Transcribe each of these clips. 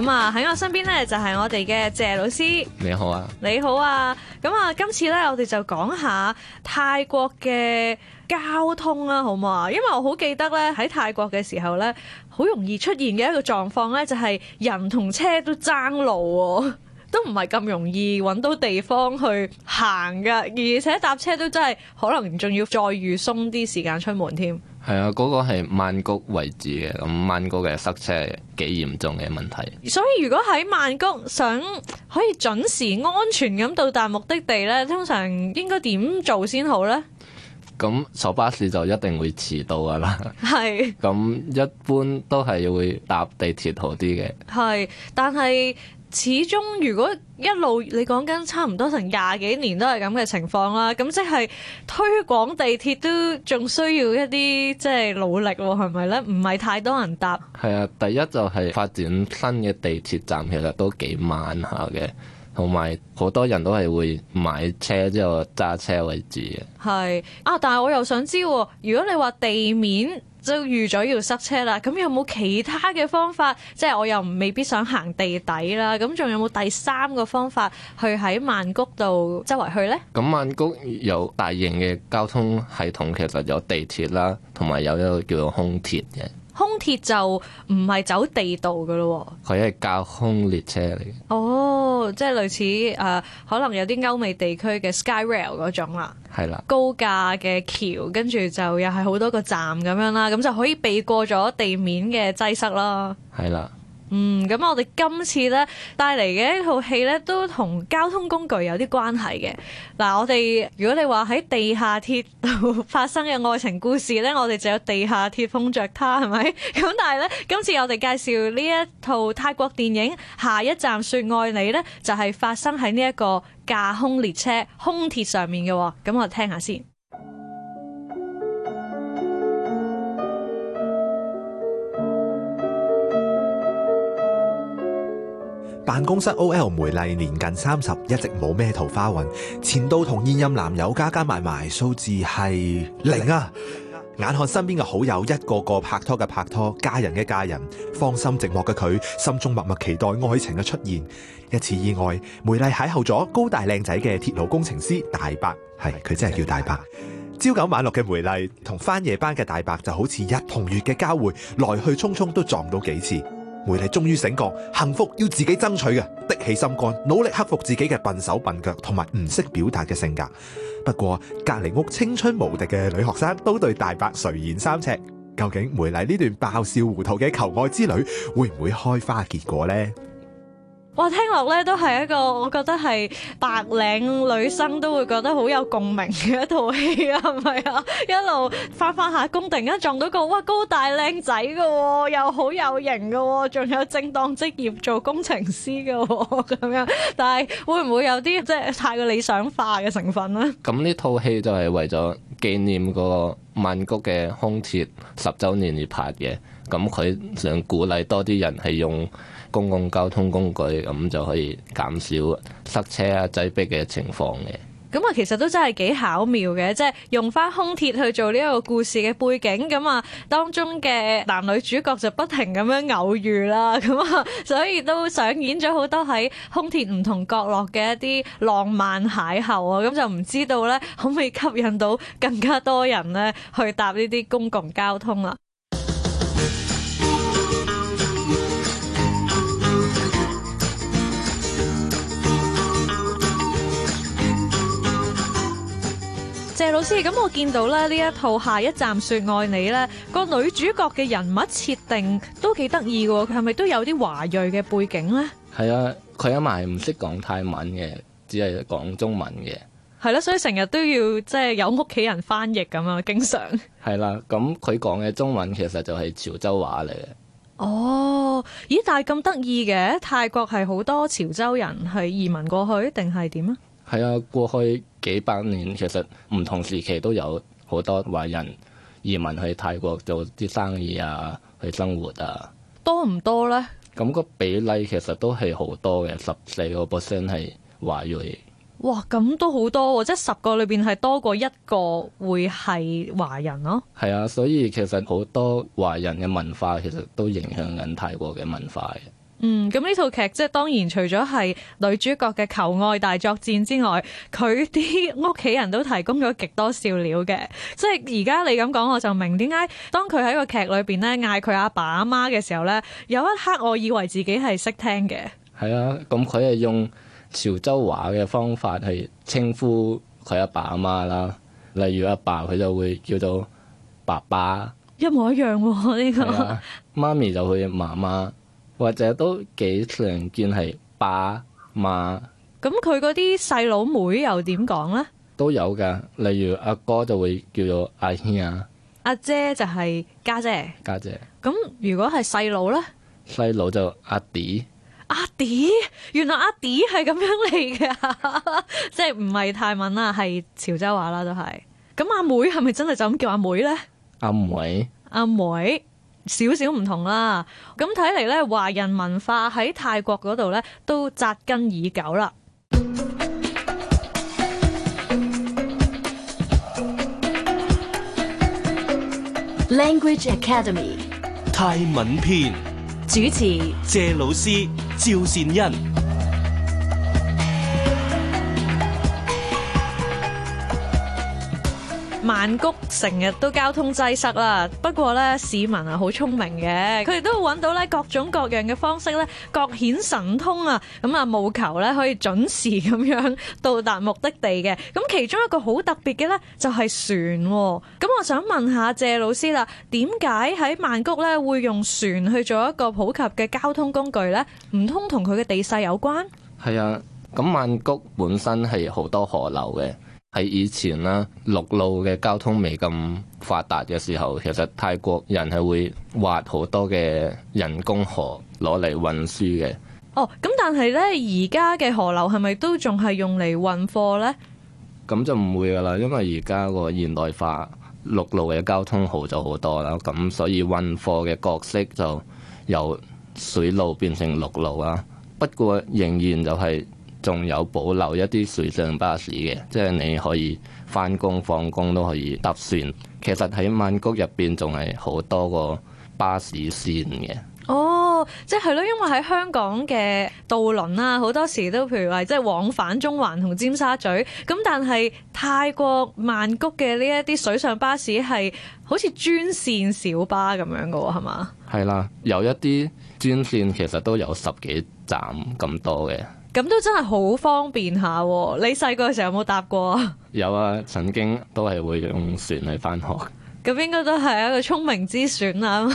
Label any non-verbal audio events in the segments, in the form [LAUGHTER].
咁啊，喺、嗯、我身邊呢，就係、是、我哋嘅謝老師。你好啊，你好啊。咁、嗯、啊，今次呢，我哋就講下泰國嘅交通啦，好嘛？因為我好記得呢，喺泰國嘅時候呢，好容易出現嘅一個狀況呢，就係、是、人同車都爭路、哦，都唔係咁容易揾到地方去行噶，而且搭車都真係可能仲要再預鬆啲時間出門添。係啊，嗰、那個係曼谷位置嘅，咁曼谷嘅塞車幾嚴重嘅問題，所以如果喺曼谷想可以準時安全咁到達目的地呢，通常應該點做先好呢？咁坐巴士就一定會遲到噶啦。係是，咁一般都係會搭地鐵好啲嘅。係，但係。始終如果一路你講緊差唔多成廿幾年都係咁嘅情況啦，咁即係推廣地鐵都仲需要一啲即係努力喎，係咪咧？唔係太多人搭。係啊，第一就係發展新嘅地鐵站，其實都幾慢下嘅，同埋好多人都係會買車之後揸車為主嘅。係啊，但係我又想知、啊，如果你話地面。就預咗要塞車啦，咁有冇其他嘅方法？即係我又未必想行地底啦，咁仲有冇第三個方法去喺曼谷度周圍去呢？咁曼谷有大型嘅交通系統，其實有地鐵啦，同埋有一個叫做空鐵嘅。空鐵就唔係走地道嘅咯，佢係架空列車嚟嘅。哦，oh，即係類似誒、呃，可能有啲歐美地區嘅 Skyrail 嗰種、啊、啦。係啦，高架嘅橋，跟住就又係好多個站咁樣啦、啊，咁就可以避過咗地面嘅擠塞咯啦。係啦。嗯，咁我哋今次呢帶嚟嘅一套戲呢，都同交通工具有啲關係嘅。嗱，我哋如果你話喺地下鐵度發生嘅愛情故事呢，我哋就有《地下鐵碰着她》，係咪？咁但係呢，今次我哋介紹呢一套泰國電影《下一站說愛你》呢，就係發生喺呢一個架空列車空鐵上面嘅。咁我聽下先。辦公室 OL 梅麗年近三十，一直冇咩桃花運。前度同現任男友加加埋埋，數字係零啊！零啊，眼看身邊嘅好友一個個拍拖嘅拍拖，嫁人嘅嫁人，芳心寂寞嘅佢，心中默默期待愛情嘅出現。一次意外，梅麗邂逅咗高大靚仔嘅鐵路工程師大伯。係，佢真係叫大伯。大伯朝九晚六嘅梅麗同返夜班嘅大伯就好似日同月嘅交匯，來去匆匆都撞到幾次。梅麗終於醒覺，幸福要自己爭取嘅，的起心肝，努力克服自己嘅笨手笨腳同埋唔識表達嘅性格。不過隔籬屋青春無敵嘅女學生都對大伯垂涎三尺，究竟梅麗呢段爆笑糊塗嘅求愛之旅會唔會開花結果呢？我聽落咧，都係一個，我覺得係白領女生都會覺得好有共鳴嘅一套戲啊，係咪啊？一路翻翻下工，突然間撞到個，哇，高大靚仔噶，又好有型噶，仲有正當職業做工程師噶咁樣。但係會唔會有啲即係太過理想化嘅成分呢？咁呢套戲就係為咗紀念嗰個曼谷嘅空鐵十周年而拍嘅。咁佢想鼓勵多啲人係用公共交通工具，咁就可以減少塞車啊、擠迫嘅情況嘅。咁啊，其實都真係幾巧妙嘅，即係用返空鐵去做呢一個故事嘅背景，咁啊，當中嘅男女主角就不停咁樣偶遇啦，咁啊，所以都上演咗好多喺空鐵唔同角落嘅一啲浪漫邂逅啊，咁就唔知道呢，可唔可以吸引到更加多人呢去搭呢啲公共交通啦？謝老師，咁我見到咧呢一套《下一站説愛你》咧、那，個女主角嘅人物設定都幾得意嘅，佢係咪都有啲華裔嘅背景咧？係啊，佢阿嫲係唔識講泰文嘅，只係講中文嘅。係咯、啊，所以成日都要即係有屋企人翻譯咁啊。經常。係啦、啊，咁佢講嘅中文其實就係潮州話嚟嘅。哦，咦，但係咁得意嘅泰國係好多潮州人係移民過去定係點啊？係啊，過去。幾百年其實唔同時期都有好多華人移民去泰國做啲生意啊，去生活啊，多唔多呢？咁個比例其實都係好多嘅，十四個 percent 係華裔。哇，咁都好多、啊，即係十個裏邊係多過一個會係華人咯、啊。係啊，所以其實好多華人嘅文化其實都影響緊泰國嘅文化嘅。嗯，咁呢套劇即係當然除咗係女主角嘅求愛大作戰之外，佢啲屋企人都提供咗極多笑料嘅。即係而家你咁講，我就明點解當佢喺個劇裏邊咧嗌佢阿爸阿媽嘅時候咧，有一刻我以為自己係識聽嘅。係啊，咁佢係用潮州話嘅方法去稱呼佢阿爸阿媽啦。例如阿爸，爸，佢就會叫做爸爸。一模一樣呢、哦呢個、啊。媽咪就會媽媽。或者都幾常見係爸媽，咁佢嗰啲細佬妹又點講咧？都有噶，例如阿哥就會叫做阿兄啊，阿姐就係家姐，家姐。咁如果係細佬咧，細佬就阿弟，阿弟原來阿弟係咁樣嚟㗎，即係唔係泰文啦，係潮州話啦都係。咁阿妹係咪真係就咁叫阿妹咧？阿妹，阿妹。少少唔同啦，咁睇嚟咧，華人文化喺泰國嗰度咧都紮根已久啦。Language Academy，《泰文篇》主持謝老師、趙善恩。曼谷成日都交通擠塞啦，不過呢市民啊好聰明嘅，佢哋都會揾到呢各種各樣嘅方式呢，各顯神通啊！咁啊，務求呢可以準時咁樣到達目的地嘅。咁其中一個好特別嘅呢，就係船。咁我想問下謝老師啦，點解喺曼谷呢會用船去做一個普及嘅交通工具呢？唔通同佢嘅地勢有關？係啊，咁曼谷本身係好多河流嘅。喺以前啦，陸路嘅交通未咁發達嘅時候，其實泰國人係會挖好多嘅人工河攞嚟運輸嘅。哦，咁但係咧，而家嘅河流係咪都仲係用嚟運貨咧？咁就唔會噶啦，因為而家個現代化陸路嘅交通好咗好多啦，咁所以運貨嘅角色就由水路變成陸路啦。不過仍然就係、是。仲有保留一啲水上巴士嘅，即係你可以返工放工都可以搭船。其實喺曼谷入邊仲係好多個巴士線嘅。哦，即係咯，因為喺香港嘅渡輪啦，好多時都譬如話即係往返中環同尖沙咀。咁但係泰國曼谷嘅呢一啲水上巴士係好似專線小巴咁樣嘅喎、哦，係嘛？係啦，有一啲專線其實都有十幾站咁多嘅。咁都真係好方便下，你細個嘅時候有冇搭過啊？有啊，曾經都係會用船嚟翻學。咁應該都係一個聰明之選啦，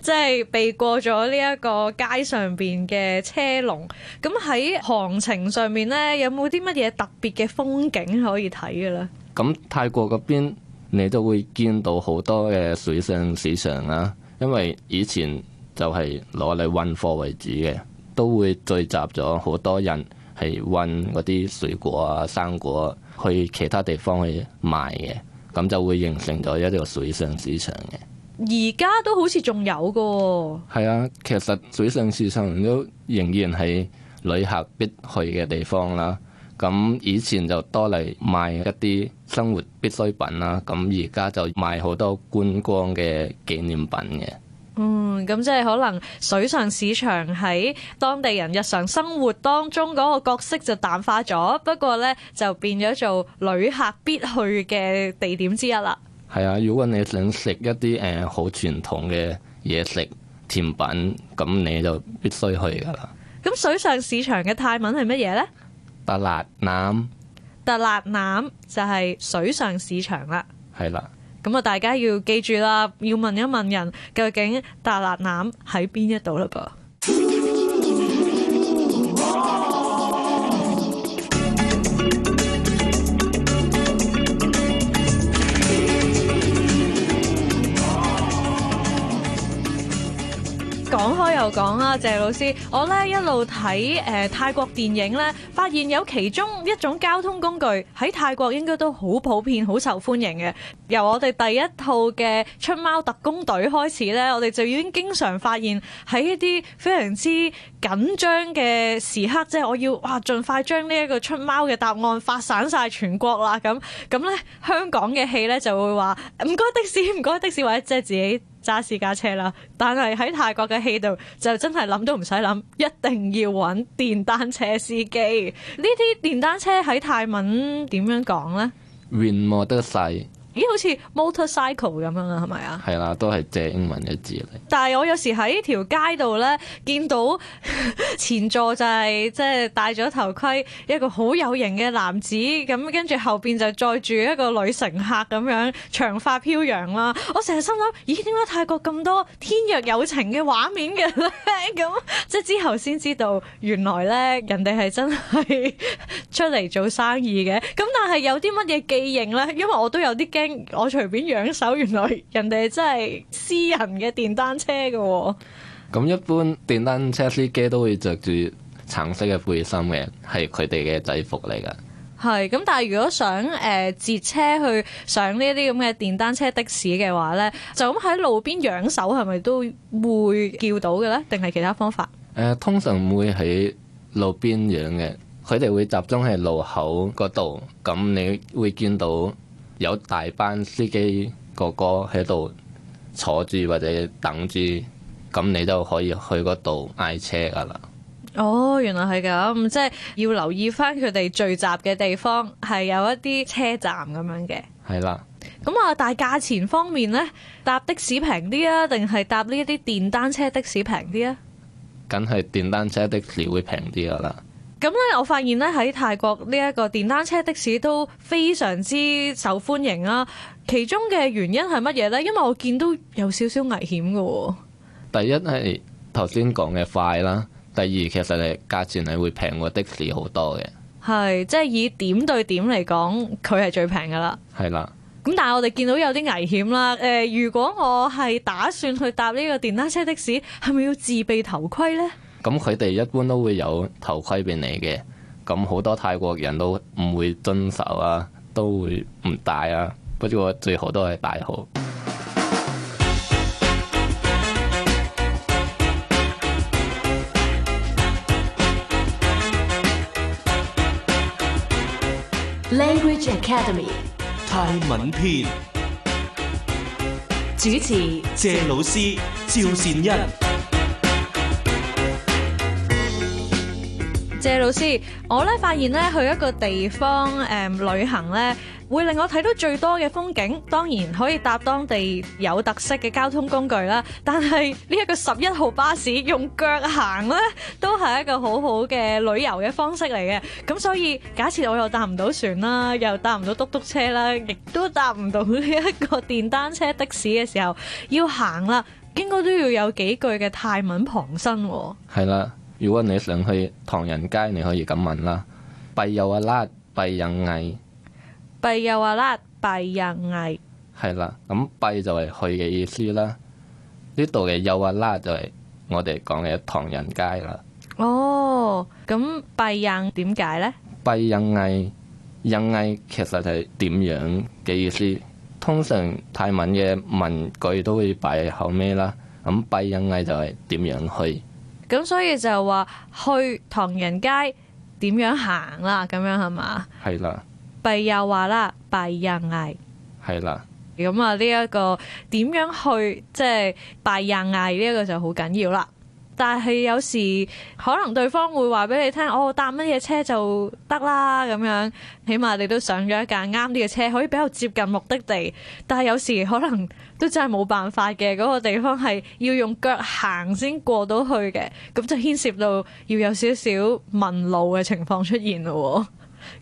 即係 [LAUGHS] 避過咗呢一個街上邊嘅車龍。咁喺航程上面呢，有冇啲乜嘢特別嘅風景可以睇嘅咧？咁泰國嗰邊，你都會見到好多嘅水上市場啦，因為以前就係攞嚟運貨為主嘅。都會聚集咗好多人，係運嗰啲水果啊、生果去其他地方去賣嘅，咁就會形成咗一個水上市場嘅。而家都好似仲有嘅。係啊，其實水上市場都仍然係旅客必去嘅地方啦。咁以前就多嚟賣一啲生活必需品啦，咁而家就賣好多觀光嘅紀念品嘅。嗯，咁即係可能水上市場喺當地人日常生活當中嗰個角色就淡化咗，不過呢，就變咗做旅客必去嘅地點之一啦。係啊，如果你想食一啲誒、呃、好傳統嘅嘢食甜品，咁你就必須去㗎喇。咁水上市場嘅泰文係乜嘢呢？特辣腩。特辣腩就係水上市場啦。係啦。咁啊！大家要記住啦，要問一問人究竟大辣腩喺邊一度嘞噃。就講啦，謝老師，我咧一路睇誒泰國電影咧，發現有其中一種交通工具喺泰國應該都好普遍、好受歡迎嘅。由我哋第一套嘅《出貓特工隊》開始咧，我哋就已經經常發現喺一啲非常之緊張嘅時刻，即係我要哇，盡快將呢一個出貓嘅答案發散晒全國啦咁。咁咧，香港嘅戲咧就會話唔該的士，唔該的士，或者即係自己。揸私家車啦，但係喺泰國嘅戲度就真係諗都唔使諗，一定要搵電單車司機。呢啲電單車喺泰文點樣講呢？ [MUSIC] 咦，好似 motorcycle 咁樣啦，係咪啊？係啦，都係借英文嘅字嚟。但係我有時喺條街度咧，見到前座就係即係戴咗頭盔一個好有型嘅男子，咁跟住後邊就載住一個女乘客咁樣，長髮飄揚啦。我成日心諗，咦，點解泰國咁多天若有情嘅畫面嘅咧？咁即係之後先知道，原來咧人哋係真係出嚟做生意嘅。咁但係有啲乜嘢記認咧？因為我都有啲驚。我隨便揚手，原來人哋真係私人嘅電單車噶，哦。咁一般電單車司機都會着住橙色嘅背心嘅，係佢哋嘅制服嚟噶。係咁，但係如果想誒、呃、截車去上呢啲咁嘅電單車的士嘅話呢，就咁喺路邊揚手係咪都會叫到嘅呢？定係其他方法？誒、呃，通常唔會喺路邊揚嘅，佢哋會集中喺路口嗰度，咁你會見到。有大班司機哥哥喺度坐住或者等住，咁你都可以去嗰度嗌車噶啦。哦，原來係咁，即係要留意翻佢哋聚集嘅地方係有一啲車站咁樣嘅。係啦，咁啊，但係價錢方面呢，搭的士平啲啊，定係搭呢一啲電單車的士平啲啊？梗係電單車的士會平啲噶啦。咁咧、嗯，我發現咧喺泰國呢一個電單車的士都非常之受歡迎啦。其中嘅原因係乜嘢呢？因為我見到有少少危險嘅、哦。第一係頭先講嘅快啦，第二其實係價錢係會平過的士好多嘅。係，即係以點對點嚟講，佢係最平嘅啦。係啦的。咁、嗯、但係我哋見到有啲危險啦。誒、呃，如果我係打算去搭呢個電單車的士，係咪要自備頭盔呢？咁佢哋一般都會有頭盔俾你嘅，咁好多泰國人都唔會遵守啊，都會唔戴啊，不過最好都係戴好。Language Academy。泰文篇主持：謝老師，趙善恩。謝老師，我咧發現咧去一個地方誒旅行咧，會令我睇到最多嘅風景。當然可以搭當地有特色嘅交通工具啦，但係呢一個十一號巴士用腳行咧，都係一個好好嘅旅遊嘅方式嚟嘅。咁所以假設我又搭唔到船啦，又搭唔到嘟嘟車啦，亦都搭唔到呢一個電單車的士嘅時候，要行啦，應該都要有幾句嘅泰文旁身喎。係啦。如果你想去唐人街，你可以咁問啦：閉又阿拉，閉人嗌。閉又阿拉，閉人嗌。係啦，咁閉就係去嘅意思啦。呢度嘅又阿拉就係我哋講嘅唐人街啦。哦，咁閉人點解咧？閉人嗌，人嗌其實係點樣嘅意思？通常泰文嘅文句都會閉後尾啦。咁閉人嗌就係點樣去？咁、嗯、所以就話去唐人街點樣行啦，咁樣係嘛？係啦，啦。拜又話啦，拜仁嗌係啦。咁啊，呢一個點樣去，即係拜仁嗌呢一個就好緊要啦。但係有時可能對方會話俾你聽，哦，搭乜嘢車就得啦，咁樣起碼你都上咗一架啱啲嘅車，可以比較接近目的地。但係有時可能。都真係冇辦法嘅，嗰、那個地方係要用腳行先過到去嘅，咁就牽涉到要有少少問路嘅情況出現咯、喔。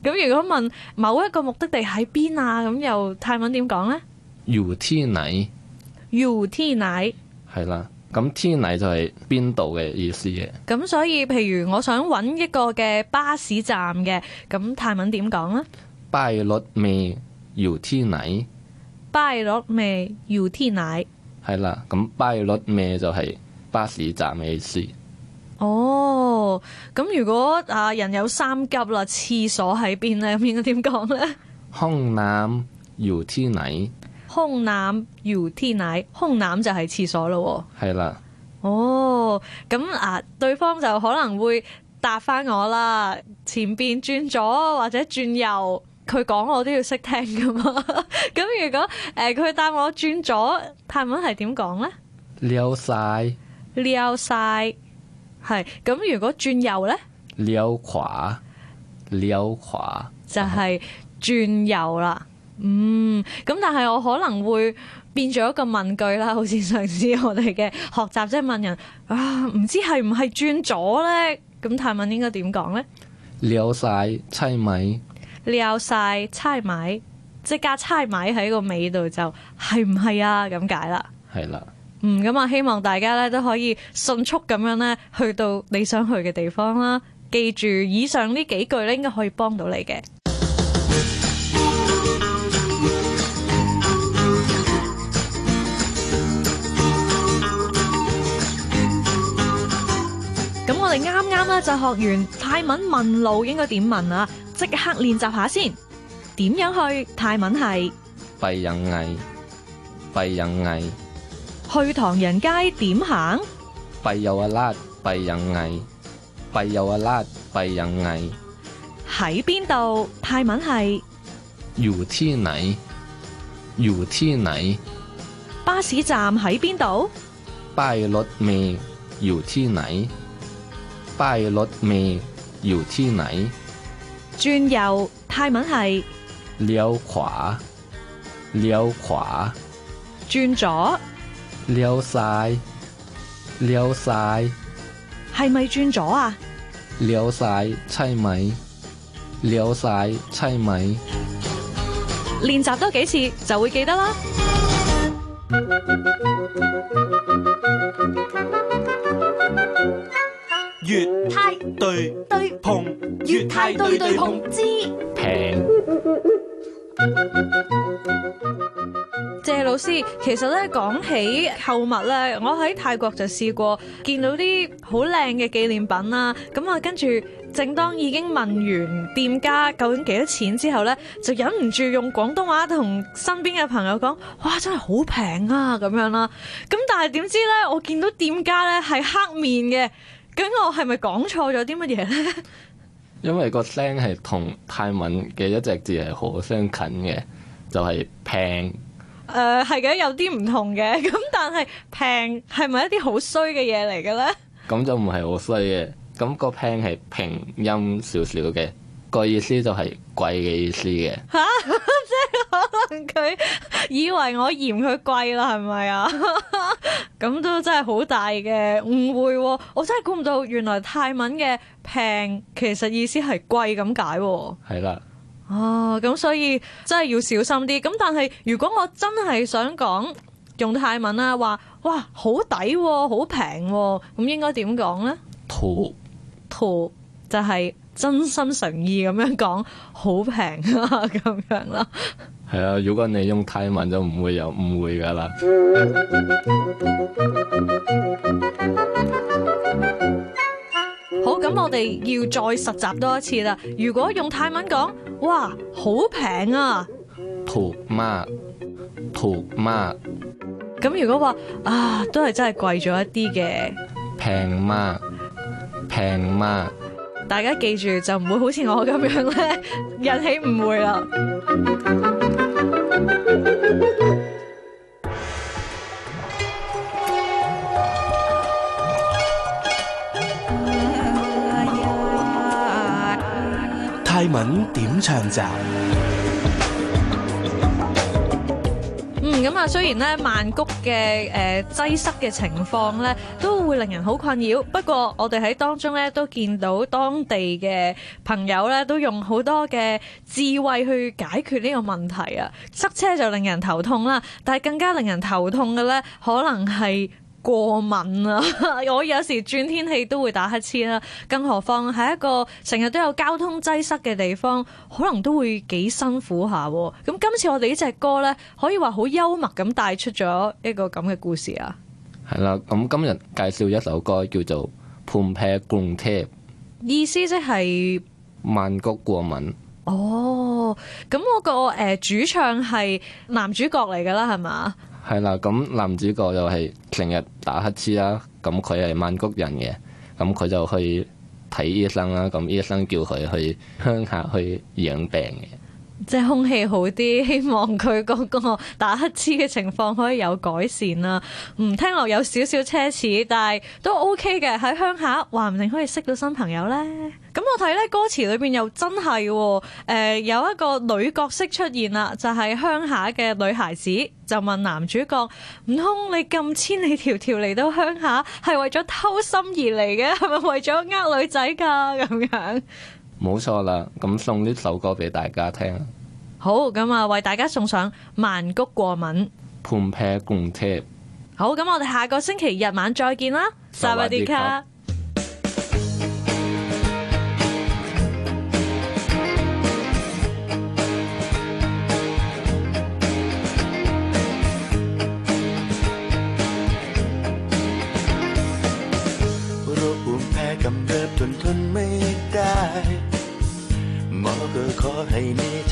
咁 [LAUGHS] 如果問某一個目的地喺邊啊，咁又泰文點講呢？要天奶，要天奶，係啦、yeah。咁天奶就係邊度嘅意思嘅。咁 [LAUGHS] 所以，譬如我想揾一個嘅巴士站嘅，咁泰文點講呢？拜落咩？要天奶。巴士咩？要天奶？係啦，咁巴士咩就係巴士站嘅意思。 [NOISE] 哦，咁如果啊人有三急啦，廁所喺邊咧？咁應該點講咧？空腩要天奶，空腩要天奶，空腩就係廁所咯。係啦，哦，咁啊， [NOISE] 嗯嗯、對方就可能會答翻我啦，前邊轉左或者轉右。佢講我都要識聽噶嘛？咁如果誒佢帶我轉左，泰文係點講呢？撩曬，撩曬，係咁。如果轉右呢？撩垮，撩垮，就係轉右啦。嗯，咁但係我可能會變咗一個問句啦，好似上次我哋嘅學習，即係問人啊，唔知係唔係轉左呢？咁泰文應該點講呢？撩曬，猜咪。料晒猜埋，即係加猜埋喺個尾度，就係唔係啊？咁解啦，係啦， [MUSIC] 嗯，咁啊，希望大家咧都可以迅速咁樣咧去到你想去嘅地方啦。記住以上呢幾句咧，應該可以幫到你嘅。咁 [MUSIC] 我哋啱啱咧就學完泰文問路應該點問啊？即刻練習下先，點樣去泰文係？閉人嗌，閉人嗌。去唐人街點行？閉又啊啦，閉人嗌，閉又啊啦，閉人嗌。喺邊度？泰文係。由天嚟？由天嚟？巴士站喺邊度？拜落尾，由天嚟？拜落尾，由天嚟？轉右，泰文係，撩胯，撩胯。轉左，撩晒，撩晒。係咪轉左啊？撩晒淒美，撩晒淒美，練習多幾次就會記得啦。 [MUSIC] 越泰對對碰，越泰對對碰，知平。謝老師，其實咧講起購物咧，我喺泰國就試過見到啲好靚嘅紀念品啦。咁啊，跟住正當已經問完店家究竟幾多錢之後咧，就忍唔住用廣東話同身邊嘅朋友講：哇，真係好平啊！咁樣啦。咁但係點知咧，我見到店家咧係黑面嘅。咁我係咪講錯咗啲乜嘢咧？因為個聲係同泰文嘅一隻字係好相近嘅，就係、是、平。誒係嘅，有啲唔同嘅。咁但係平係咪一啲好衰嘅嘢嚟嘅咧？咁就唔係好衰嘅。咁、個平係平音少少嘅，個意思就係貴嘅意思嘅。啊 [LAUGHS] 可能佢以為我嫌佢貴啦，係咪啊？咁 [LAUGHS] 都真係好大嘅誤會喎。我真係估唔到，原來泰文嘅平其實意思係貴咁解。係啦了，哦、啊，咁所以真係要小心啲。咁但係如果我真係想講用泰文啦、啊，話哇好抵，好平喎，咁、啊、應該點講呢？陀「圖圖就係、是。真心誠意咁樣講，好平啊，咁 [LAUGHS] 樣啦。係啊，如果你用泰文就唔 [LAUGHS] 會有誤會噶啦。好，咁我哋要再實習多一次啦。如果用泰文講，哇，好平啊！圖媽，圖媽。咁如果話啊，都係真係貴咗一啲嘅。平嘛，平嘛。大家記住，就唔會好似我咁樣咧，引起誤會啦。泰文點唱集。嗯，咁啊，雖然咧曼谷嘅呃擠塞嘅情況咧都會令人好困擾，不過我哋喺當中咧都見到當地嘅朋友咧都用好多嘅智慧去解決呢個問題啊！塞車就令人頭痛啦，但係更加令人頭痛嘅咧，可能係。過敏啊！ [LAUGHS] 我有時轉天氣都會打乞嗤啦，更何況喺一個成日都有交通擠塞嘅地方，可能都會幾辛苦下、啊。咁今次我哋呢隻歌呢，可以話好幽默咁帶出咗一個咁嘅故事啊。係啦，咁今日介紹一首歌叫做《Pompeian Tame》，意思即係曼谷過敏。哦，咁嗰個誒主唱係男主角嚟噶啦，係嘛？係啦，咁、嗯、男主角又係成日打乞嗤啦，咁佢係曼谷人嘅，咁、嗯、佢就去睇醫生啦，咁、嗯、醫生叫佢去鄉下去養病嘅。即係空氣好啲，希望佢嗰個打乞嗤嘅情況可以有改善啦、啊。唔聽落有少少奢侈，但係都 OK 嘅。喺鄉下，話唔定可以識到新朋友呢？咁我睇呢歌詞裏面又真係、啊，誒、呃、有一個女角色出現啦，就係、是、鄉下嘅女孩子，就問男主角：悟空，你咁千里迢迢嚟到鄉下，係為咗偷心而嚟嘅，係咪為咗呃女仔噶咁樣？ [LAUGHS] 冇錯啦，咁送呢首歌俾大家聽好咁啊，為大家送上曼谷過敏盤劈共貼好，咁我哋下個星期日晚再見啦，薩維迪卡。